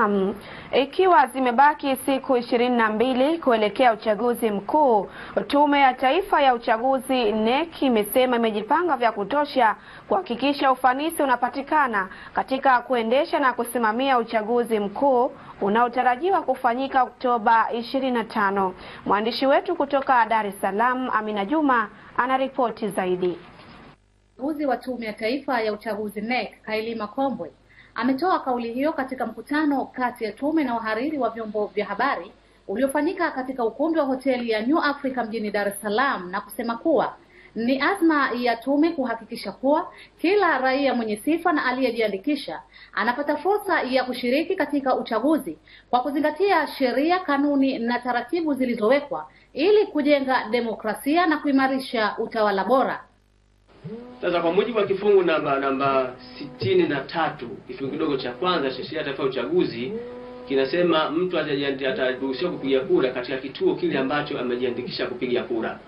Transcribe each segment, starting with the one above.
Naam, ikiwa zimebaki siku ishirini na mbili kuelekea uchaguzi mkuu, Tume ya Taifa ya Uchaguzi NEC imesema imejipanga vya kutosha kuhakikisha ufanisi unapatikana katika kuendesha na kusimamia uchaguzi mkuu unaotarajiwa kufanyika Oktoba 25. Mwandishi wetu kutoka Dar es Salaam, Amina Juma, ripoti zaidi. Uzi wa Tume ya Taifa ya Uchaguzi NEC, Kaili Makombwe Ametoa kauli hiyo katika mkutano kati ya tume na wahariri wa vyombo vya habari uliofanyika katika ukumbi wa hoteli ya New Africa mjini Dar es Salaam na kusema kuwa ni azma ya tume kuhakikisha kuwa kila raia mwenye sifa na aliyejiandikisha anapata fursa ya kushiriki katika uchaguzi kwa kuzingatia sheria, kanuni na taratibu zilizowekwa ili kujenga demokrasia na kuimarisha utawala bora. Sasa kwa mujibu wa kifungu namba namba sitini na tatu kifungu kidogo cha kwanza cha sheria taifa ya uchaguzi kinasema mtu ataruhusiwa kupiga kura katika kituo kile ambacho amejiandikisha kupiga kura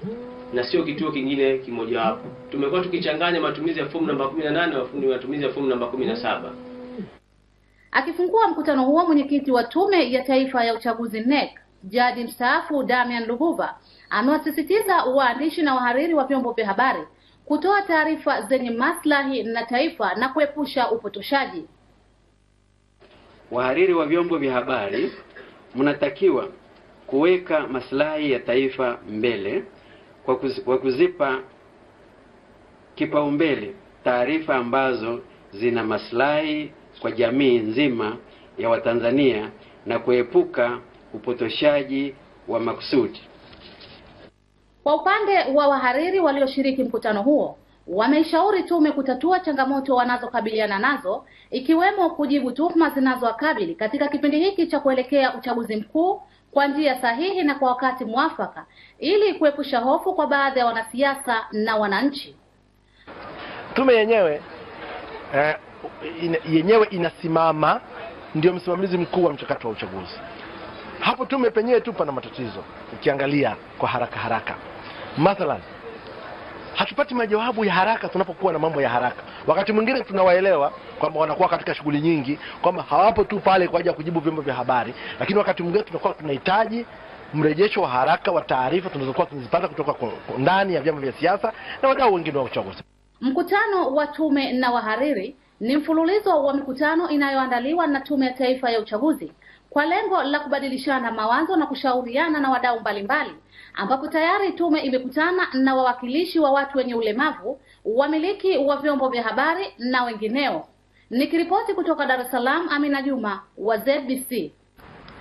na sio kituo kingine kimojawapo. Tumekuwa tukichanganya matumizi ya fomu namba 18 na matumizi ya fomu namba 17. Akifungua mkutano huo, mwenyekiti wa Tume ya Taifa ya Uchaguzi NEC, Jaji mstaafu Damian Lubuva amewasisitiza waandishi na wahariri wa vyombo vya habari kutoa taarifa zenye maslahi na taifa na kuepusha upotoshaji. Wahariri wa vyombo vya habari mnatakiwa kuweka maslahi ya taifa mbele kwa kuzipa kipaumbele taarifa ambazo zina maslahi kwa jamii nzima ya Watanzania na kuepuka upotoshaji wa makusudi. Kwa upande wa wahariri walioshiriki mkutano huo wameishauri tume kutatua changamoto wanazokabiliana nazo ikiwemo kujibu tuhuma zinazowakabili katika kipindi hiki cha kuelekea uchaguzi mkuu kwa njia sahihi na kwa wakati mwafaka ili kuepusha hofu kwa baadhi ya wanasiasa na wananchi. Tume yenyewe uh, yenyewe inasimama, ndio msimamizi mkuu wa mchakato wa uchaguzi. Hapo tume penyewe tu pana matatizo, ukiangalia kwa haraka haraka. Mathalan, hatupati majawabu ya haraka tunapokuwa na mambo ya haraka. Wakati mwingine tunawaelewa kwamba wanakuwa katika shughuli nyingi, kwamba hawapo tu pale kwa ajili ya kujibu vyombo vya habari, lakini wakati mwingine tunakuwa tunahitaji mrejesho wa haraka wa taarifa tunazokuwa tunazipata kutoka kwa ndani ya vyama vya siasa na wadau wengine wa uchaguzi. Mkutano wa tume na wahariri ni mfululizo wa mikutano inayoandaliwa na Tume ya Taifa ya Uchaguzi kwa lengo la kubadilishana mawazo na kushauriana na wadau mbalimbali, ambapo tayari tume imekutana na wawakilishi wa watu wenye ulemavu, wamiliki wa vyombo vya habari na wengineo. Nikiripoti kutoka Dar es Salaam, Amina Juma wa ZBC.